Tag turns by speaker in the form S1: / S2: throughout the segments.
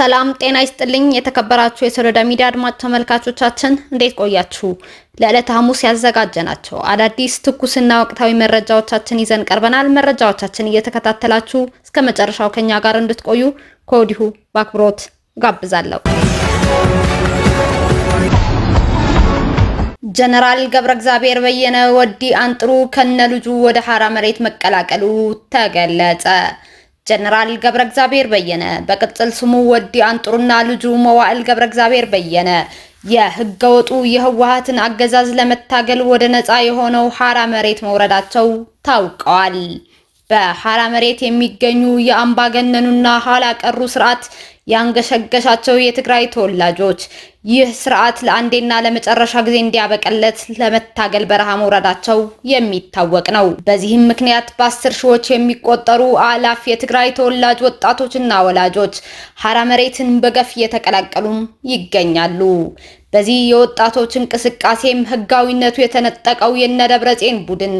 S1: ሰላም ጤና ይስጥልኝ። የተከበራችሁ የሶሎዳ ሚዲያ አድማጭ ተመልካቾቻችን እንዴት ቆያችሁ? ለዕለት ሐሙስ ያዘጋጀናቸው አዳዲስ ትኩስና ወቅታዊ መረጃዎቻችን ይዘን ቀርበናል። መረጃዎቻችን እየተከታተላችሁ እስከ መጨረሻው ከኛ ጋር እንድትቆዩ ከወዲሁ በአክብሮት ጋብዛለሁ።
S2: ጀነራል ገብረ እግዚአብሔር በየነ ወዲ አንጥሩ ከነ ልጁ ወደ ሐራ መሬት መቀላቀሉ ተገለጸ። ጀነራል ገብረ እግዚአብሔር በየነ በቅጽል ስሙ ወዲ አንጥሩና ልጁ መዋዕል ገብረ እግዚአብሔር በየነ የህገወጡ የህወሓትን አገዛዝ ለመታገል ወደ ነፃ የሆነው ሐራ መሬት መውረዳቸው ታውቀዋል። በሀራ መሬት የሚገኙ የአምባገነኑና ኋላ ቀሩ ስርዓት ያንገሸገሻቸው የትግራይ ተወላጆች ይህ ስርዓት ለአንዴና ለመጨረሻ ጊዜ እንዲያበቀለት ለመታገል በረሃ መውረዳቸው የሚታወቅ ነው። በዚህም ምክንያት በአስር ሺዎች የሚቆጠሩ አላፍ የትግራይ ተወላጅ ወጣቶችና ወላጆች ሀራ መሬትን በገፍ እየተቀላቀሉም ይገኛሉ። በዚህ የወጣቶች እንቅስቃሴም ህጋዊነቱ የተነጠቀው የነደብረጼን ቡድን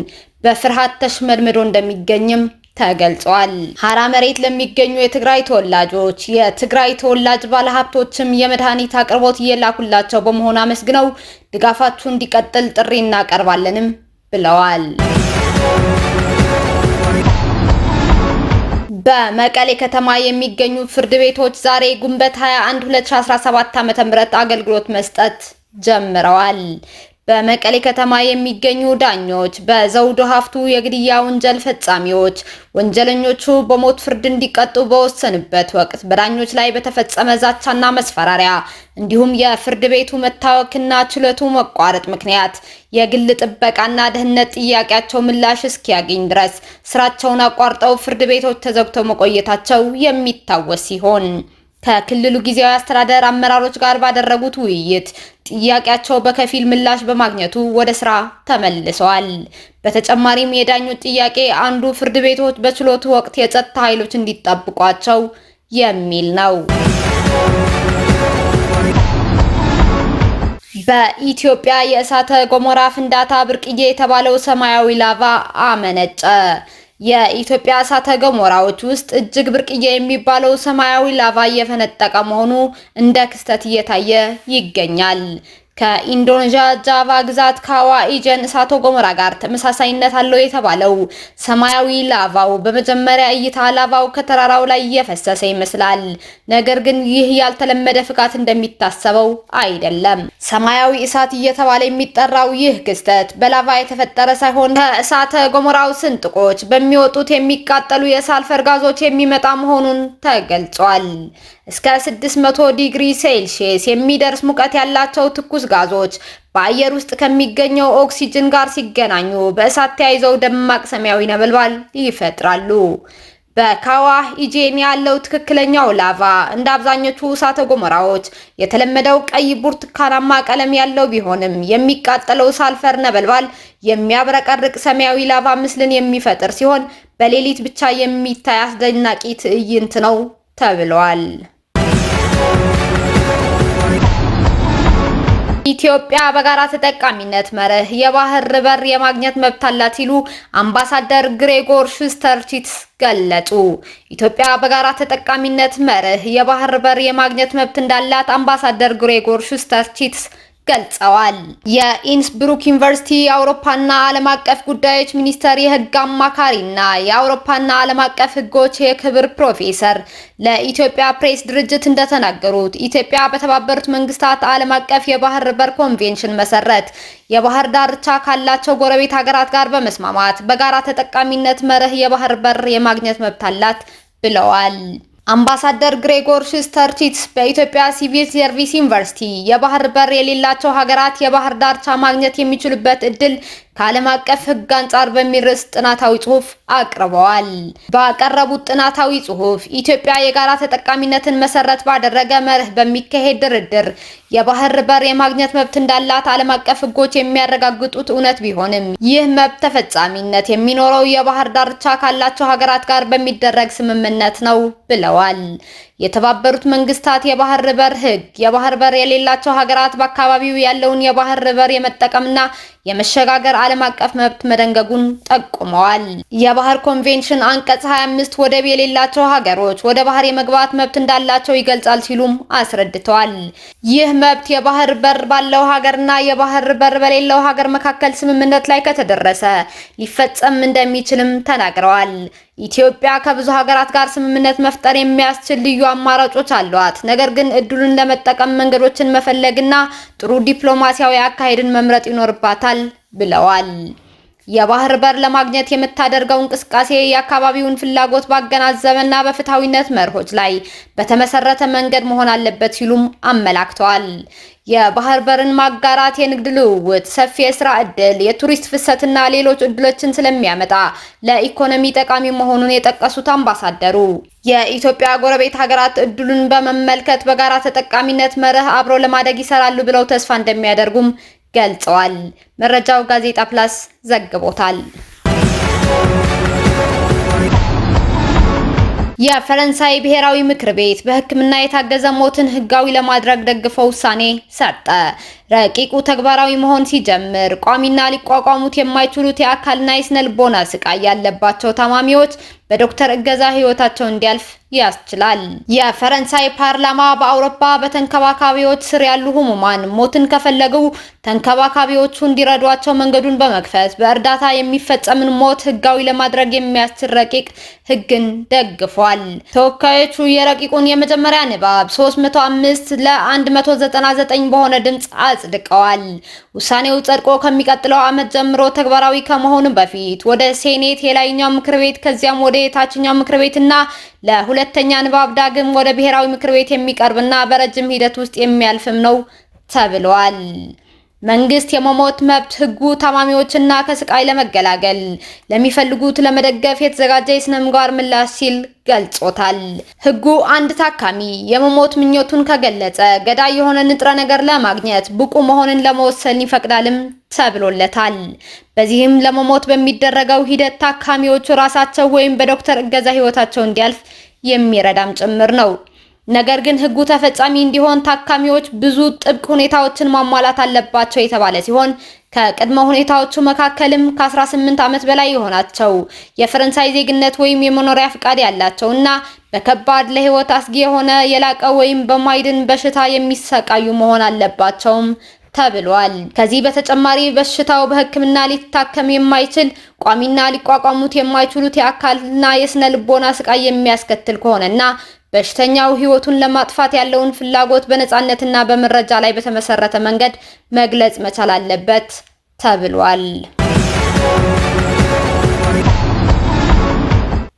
S2: በፍርሃት ተሽመድምዶ እንደሚገኝም ተገልጿል። ሀራ መሬት ለሚገኙ የትግራይ ተወላጆች የትግራይ ተወላጅ ባለሀብቶችም የመድኃኒት አቅርቦት እየላኩላቸው በመሆን አመስግነው ድጋፋችሁ እንዲቀጥል ጥሪ እናቀርባለንም ብለዋል። በመቀሌ ከተማ የሚገኙ ፍርድ ቤቶች ዛሬ ግንቦት 21 2017 ዓ.ም አገልግሎት መስጠት ጀምረዋል። በመቀሌ ከተማ የሚገኙ ዳኞች በዘውዱ ሀፍቱ የግድያ ወንጀል ፈጻሚዎች ወንጀለኞቹ በሞት ፍርድ እንዲቀጡ በወሰንበት ወቅት በዳኞች ላይ በተፈጸመ ዛቻና መስፈራሪያ እንዲሁም የፍርድ ቤቱ መታወክና ችሎቱ መቋረጥ ምክንያት የግል ጥበቃና ደህንነት ጥያቄያቸው ምላሽ እስኪያገኝ ድረስ ስራቸውን አቋርጠው ፍርድ ቤቶች ተዘግተው መቆየታቸው የሚታወስ ሲሆን ከክልሉ ጊዜያዊ አስተዳደር አመራሮች ጋር ባደረጉት ውይይት ጥያቄያቸው በከፊል ምላሽ በማግኘቱ ወደ ስራ ተመልሰዋል። በተጨማሪም የዳኞች ጥያቄ አንዱ ፍርድ ቤቶች በችሎት ወቅት የጸጥታ ኃይሎች እንዲጠብቋቸው የሚል ነው። በኢትዮጵያ የእሳተ ገሞራ ፍንዳታ ብርቅዬ የተባለው ሰማያዊ ላቫ አመነጨ። የኢትዮጵያ እሳተ ገሞራዎች ውስጥ እጅግ ብርቅዬ የሚባለው ሰማያዊ ላቫ እየፈነጠቀ መሆኑ እንደ ክስተት እየታየ ይገኛል። ከኢንዶኔዥያ ጃቫ ግዛት ካዋ ኢጀን እሳተ ገሞራ ጋር ተመሳሳይነት አለው የተባለው ሰማያዊ ላቫው በመጀመሪያ እይታ ላቫው ከተራራው ላይ እየፈሰሰ ይመስላል። ነገር ግን ይህ ያልተለመደ ፍቃት እንደሚታሰበው አይደለም። ሰማያዊ እሳት እየተባለ የሚጠራው ይህ ክስተት በላቫ የተፈጠረ ሳይሆን ከእሳተ ገሞራው ስንጥቆች በሚወጡት የሚቃጠሉ የሳልፈር ጋዞች የሚመጣ መሆኑን ተገልጿል። እስከ 600 ዲግሪ ሴልሺየስ የሚደርስ ሙቀት ያላቸው ትኩስ ጋዞች በአየር ውስጥ ከሚገኘው ኦክሲጅን ጋር ሲገናኙ በእሳት ተያይዘው ደማቅ ሰማያዊ ነበልባል ይፈጥራሉ። በካዋ ኢጄን ያለው ትክክለኛው ላቫ እንደ አብዛኞቹ እሳተ ገሞራዎች የተለመደው ቀይ ብርቱካናማ ቀለም ያለው ቢሆንም የሚቃጠለው ሳልፈር ነበልባል የሚያብረቀርቅ ሰማያዊ ላቫ ምስልን የሚፈጥር ሲሆን በሌሊት ብቻ የሚታይ አስደናቂ ትዕይንት ነው ተብሏል። ኢትዮጵያ በጋራ ተጠቃሚነት መርህ የባህር በር የማግኘት መብት አላት ሲሉ አምባሳደር ግሬጎር ሹስተርቺትስ ገለጹ። ኢትዮጵያ በጋራ ተጠቃሚነት መርህ የባህር በር የማግኘት መብት እንዳላት አምባሳደር ግሬጎር ሹስተርቺትስ ገልጸዋል። የኢንስብሩክ ዩኒቨርሲቲ የአውሮፓና ዓለም አቀፍ ጉዳዮች ሚኒስቴር የህግ አማካሪና የአውሮፓና ዓለም አቀፍ ህጎች የክብር ፕሮፌሰር ለኢትዮጵያ ፕሬስ ድርጅት እንደተናገሩት ኢትዮጵያ በተባበሩት መንግስታት ዓለም አቀፍ የባህር በር ኮንቬንሽን መሰረት የባህር ዳርቻ ካላቸው ጎረቤት ሀገራት ጋር በመስማማት በጋራ ተጠቃሚነት መርህ የባህር በር የማግኘት መብት አላት ብለዋል። አምባሳደር ግሬጎር ሹስተርቺትስ በኢትዮጵያ ሲቪል ሰርቪስ ዩኒቨርሲቲ የባህር በር የሌላቸው ሀገራት የባህር ዳርቻ ማግኘት የሚችሉበት እድል ከዓለም አቀፍ ሕግ አንጻር በሚል ርዕስ ጥናታዊ ጽሑፍ አቅርበዋል። ባቀረቡት ጥናታዊ ጽሑፍ ኢትዮጵያ የጋራ ተጠቃሚነትን መሰረት ባደረገ መርህ በሚካሄድ ድርድር የባህር በር የማግኘት መብት እንዳላት ዓለም አቀፍ ሕጎች የሚያረጋግጡት እውነት ቢሆንም ይህ መብት ተፈጻሚነት የሚኖረው የባህር ዳርቻ ካላቸው ሀገራት ጋር በሚደረግ ስምምነት ነው ብለዋል። የተባበሩት መንግስታት የባህር በር ህግ የባህር በር የሌላቸው ሀገራት በአካባቢው ያለውን የባህር በር የመጠቀምና የመሸጋገር ዓለም አቀፍ መብት መደንገጉን ጠቁመዋል። የባህር ኮንቬንሽን አንቀጽ 25 ወደብ የሌላቸው ሀገሮች ወደ ባህር የመግባት መብት እንዳላቸው ይገልጻል ሲሉም አስረድተዋል። ይህ መብት የባህር በር ባለው ሀገርና የባህር በር በሌለው ሀገር መካከል ስምምነት ላይ ከተደረሰ ሊፈጸም እንደሚችልም ተናግረዋል። ኢትዮጵያ ከብዙ ሀገራት ጋር ስምምነት መፍጠር የሚያስችል ልዩ አማራጮች አሏት። ነገር ግን እድሉን ለመጠቀም መንገዶችን መፈለግና ጥሩ ዲፕሎማሲያዊ አካሄድን መምረጥ ይኖርባታል ብለዋል። የባህር በር ለማግኘት የምታደርገው እንቅስቃሴ የአካባቢውን ፍላጎት ባገናዘበና በፍትሐዊነት መርሆች ላይ በተመሰረተ መንገድ መሆን አለበት ሲሉም አመላክተዋል። የባህር በርን ማጋራት የንግድ ልውውጥ፣ ሰፊ የስራ እድል የቱሪስት ፍሰትና ሌሎች እድሎችን ስለሚያመጣ ለኢኮኖሚ ጠቃሚ መሆኑን የጠቀሱት አምባሳደሩ የኢትዮጵያ ጎረቤት ሀገራት እድሉን በመመልከት በጋራ ተጠቃሚነት መርህ አብሮ ለማደግ ይሰራሉ ብለው ተስፋ እንደሚያደርጉም ገልጸዋል። መረጃው ጋዜጣ ፕላስ ዘግቦታል። የፈረንሳይ ብሔራዊ ምክር ቤት በሕክምና የታገዘ ሞትን ህጋዊ ለማድረግ ደግፎ ውሳኔ ሰጠ። ረቂቁ ተግባራዊ መሆን ሲጀምር ቋሚና ሊቋቋሙት የማይችሉት የአካልና የስነ ልቦና ስቃይ ያለባቸው ታማሚዎች በዶክተር እገዛ ህይወታቸው እንዲያልፍ ያስችላል። የፈረንሳይ ፓርላማ በአውሮፓ በተንከባካቢዎች ስር ያሉ ህሙማን ሞትን ከፈለጉ ተንከባካቢዎቹ እንዲረዷቸው መንገዱን በመክፈት በእርዳታ የሚፈጸምን ሞት ህጋዊ ለማድረግ የሚያስችል ረቂቅ ህግን ደግፏል። ተወካዮቹ የረቂቁን የመጀመሪያ ንባብ 305 ለ199 በሆነ ድምፅ አጽድቀዋል። ውሳኔው ጸድቆ ከሚቀጥለው ዓመት ጀምሮ ተግባራዊ ከመሆኑ በፊት ወደ ሴኔት የላይኛው ምክር ቤት ከዚያም ወደ የታችኛው ምክር ቤትና ለሁለተኛ ንባብ ዳግም ወደ ብሔራዊ ምክር ቤት የሚቀርብና በረጅም ሂደት ውስጥ የሚያልፍም ነው ተብሏል። መንግስት የመሞት መብት ህጉ ታማሚዎችና ከስቃይ ለመገላገል ለሚፈልጉት ለመደገፍ የተዘጋጀ የስነ ምግባር ምላሽ ሲል ገልጾታል። ህጉ አንድ ታካሚ የመሞት ምኞቱን ከገለጸ ገዳይ የሆነ ንጥረ ነገር ለማግኘት ብቁ መሆንን ለመወሰን ይፈቅዳልም ተብሎለታል። በዚህም ለመሞት በሚደረገው ሂደት ታካሚዎቹ ራሳቸው ወይም በዶክተር እገዛ ህይወታቸው እንዲያልፍ የሚረዳም ጭምር ነው። ነገር ግን ህጉ ተፈጻሚ እንዲሆን ታካሚዎች ብዙ ጥብቅ ሁኔታዎችን ማሟላት አለባቸው የተባለ ሲሆን ከቅድመ ሁኔታዎቹ መካከልም ከ18 ዓመት በላይ የሆናቸው የፈረንሳይ ዜግነት ወይም የመኖሪያ ፍቃድ ያላቸው እና በከባድ ለህይወት አስጊ የሆነ የላቀ ወይም በማይድን በሽታ የሚሰቃዩ መሆን አለባቸውም ተብሏል። ከዚህ በተጨማሪ በሽታው በህክምና ሊታከም የማይችል ቋሚና ሊቋቋሙት የማይችሉት የአካልና የስነ ልቦና ስቃይ የሚያስከትል ከሆነና በሽተኛው ህይወቱን ለማጥፋት ያለውን ፍላጎት በነጻነትና በመረጃ ላይ በተመሰረተ መንገድ መግለጽ መቻል አለበት ተብሏል።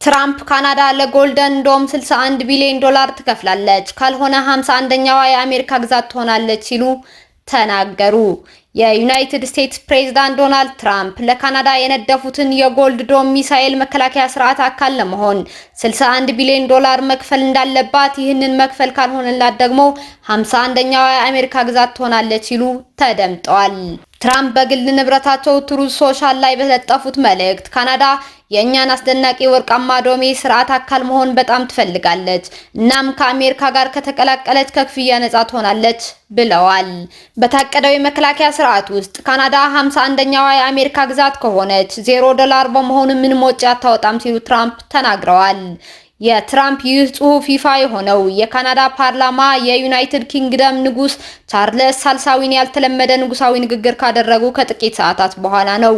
S2: ትራምፕ ካናዳ ለጎልደን ዶም 61 ቢሊዮን ዶላር ትከፍላለች፣ ካልሆነ 51ኛዋ የአሜሪካ ግዛት ትሆናለች ሲሉ ተናገሩ። የዩናይትድ ስቴትስ ፕሬዝዳንት ዶናልድ ትራምፕ ለካናዳ የነደፉትን የጎልድ ዶም ሚሳኤል መከላከያ ስርዓት አካል ለመሆን 61 ቢሊዮን ዶላር መክፈል እንዳለባት፣ ይህንን መክፈል ካልሆነላት ደግሞ 51ኛዋ የአሜሪካ ግዛት ትሆናለች ሲሉ ተደምጠዋል። ትራምፕ በግል ንብረታቸው ትሩዝ ሶሻል ላይ በተለጠፉት መልእክት ካናዳ የእኛን አስደናቂ ወርቃማ ዶሜ ስርዓት አካል መሆን በጣም ትፈልጋለች፣ እናም ከአሜሪካ ጋር ከተቀላቀለች ከክፍያ ነጻ ትሆናለች ብለዋል። በታቀደው የመከላከያ ስርዓት ውስጥ ካናዳ 51 አንደኛዋ የአሜሪካ ግዛት ከሆነች ዜሮ ዶላር በመሆኑ ምንም ወጪ አታወጣም ሲሉ ትራምፕ ተናግረዋል። የትራምፕ ይህ ጽሑፍ ይፋ የሆነው የካናዳ ፓርላማ የዩናይትድ ኪንግደም ንጉስ ቻርለስ ሳልሳዊን ያልተለመደ ንጉሳዊ ንግግር ካደረጉ ከጥቂት ሰዓታት በኋላ ነው።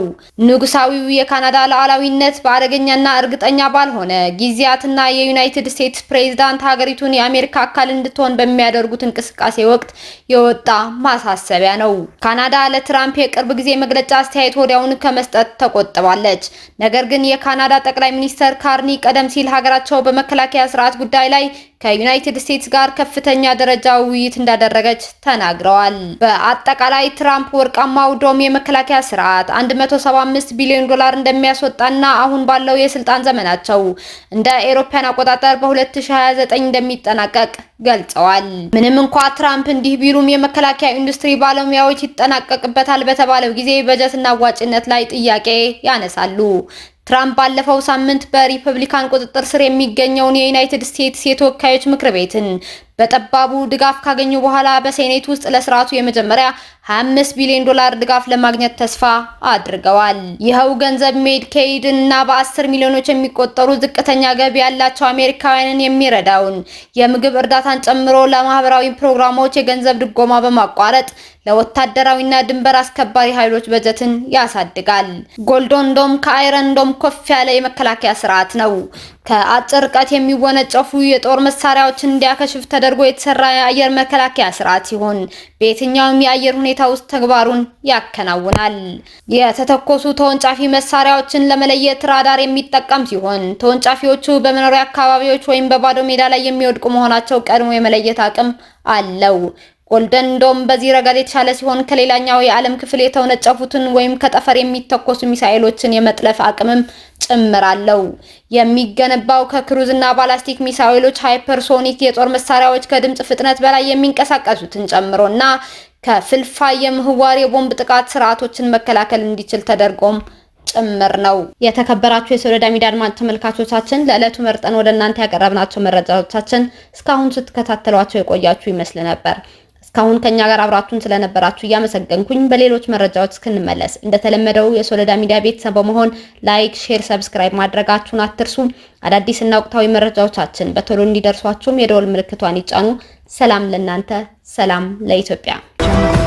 S2: ንጉሳዊው የካናዳ ሉዓላዊነት በአደገኛና እርግጠኛ ባልሆነ ጊዜያትና የዩናይትድ ስቴትስ ፕሬዝዳንት ሀገሪቱን የአሜሪካ አካል እንድትሆን በሚያደርጉት እንቅስቃሴ ወቅት የወጣ ማሳሰቢያ ነው። ካናዳ ለትራምፕ የቅርብ ጊዜ መግለጫ አስተያየት ወዲያውን ከመስጠት ተቆጥባለች። ነገር ግን የካናዳ ጠቅላይ ሚኒስተር ካርኒ ቀደም ሲል ሀገራቸው በመከላከያ ስርዓት ጉዳይ ላይ ከዩናይትድ ስቴትስ ጋር ከፍተኛ ደረጃ ውይይት እንዳደረገች ተናግረዋል። በአጠቃላይ ትራምፕ ወርቃማው ዶም የመከላከያ ስርዓት 175 ቢሊዮን ዶላር እንደሚያስወጣና አሁን ባለው የስልጣን ዘመናቸው እንደ አውሮፓውያን አቆጣጠር በ2029 እንደሚጠናቀቅ ገልጸዋል። ምንም እንኳ ትራምፕ እንዲህ ቢሉም የመከላከያ ኢንዱስትሪ ባለሙያዎች ይጠናቀቅበታል በተባለው ጊዜ በጀትና አዋጭነት ላይ ጥያቄ ያነሳሉ። ትራምፕ ባለፈው ሳምንት በሪፐብሊካን ቁጥጥር ስር የሚገኘውን የዩናይትድ ስቴትስ የተወካዮች ምክር ቤትን በጠባቡ ድጋፍ ካገኙ በኋላ በሴኔት ውስጥ ለስርዓቱ የመጀመሪያ 25 ቢሊዮን ዶላር ድጋፍ ለማግኘት ተስፋ አድርገዋል። ይኸው ገንዘብ ሜድኬይድ እና በ10 ሚሊዮኖች የሚቆጠሩ ዝቅተኛ ገቢ ያላቸው አሜሪካውያንን የሚረዳውን የምግብ እርዳታን ጨምሮ ለማህበራዊ ፕሮግራሞች የገንዘብ ድጎማ በማቋረጥ ለወታደራዊና ድንበር አስከባሪ ኃይሎች በጀትን ያሳድጋል። ጎልዶንዶም ከአይረንዶም ከፍ ያለ የመከላከያ ስርዓት ነው። ከአጭር ርቀት የሚወነጨፉ የጦር መሳሪያዎችን እንዲያከሽፍ ተደርጎ የተሰራ የአየር መከላከያ ስርዓት ሲሆን በየትኛውም የአየር ሁኔታ ሁኔታ ውስጥ ተግባሩን ያከናውናል። የተተኮሱ ተወንጫፊ መሳሪያዎችን ለመለየት ራዳር የሚጠቀም ሲሆን ተወንጫፊዎቹ በመኖሪያ አካባቢዎች ወይም በባዶ ሜዳ ላይ የሚወድቁ መሆናቸው ቀድሞ የመለየት አቅም አለው። ጎልደን ዶም በዚህ ረገድ የተሻለ ሲሆን ከሌላኛው የዓለም ክፍል የተወነጨፉትን ወይም ከጠፈር የሚተኮሱ ሚሳኤሎችን የመጥለፍ አቅምም ጭምር አለው። የሚገነባው ከክሩዝ እና ባላስቲክ ሚሳኤሎች፣ ሃይፐርሶኒክ የጦር መሳሪያዎች፣ ከድምፅ ፍጥነት በላይ የሚንቀሳቀሱትን ጨምሮ እና ከፍልፋይ የምህዋር የቦምብ ጥቃት ስርዓቶችን መከላከል እንዲችል ተደርጎም ጭምር ነው። የተከበራችሁ የሶሎዳ ሚዲያ አድማጭ ተመልካቾቻችን ለዕለቱ መርጠን ወደ እናንተ ያቀረብናቸው መረጃዎቻችን እስካሁን ስትከታተሏቸው የቆያችሁ ይመስል ነበር። እስካሁን ከኛ ጋር አብራችሁን ስለነበራችሁ እያመሰገንኩኝ በሌሎች መረጃዎች እስክንመለስ እንደተለመደው የሶለዳ ሚዲያ ቤተሰብ በመሆን ላይክ፣ ሼር፣ ሰብስክራይብ ማድረጋችሁን አትርሱ። አዳዲስና ወቅታዊ መረጃዎቻችን በቶሎ እንዲደርሷችሁም የደወል ምልክቷን ይጫኑ። ሰላም ለእናንተ፣ ሰላም ለኢትዮጵያ።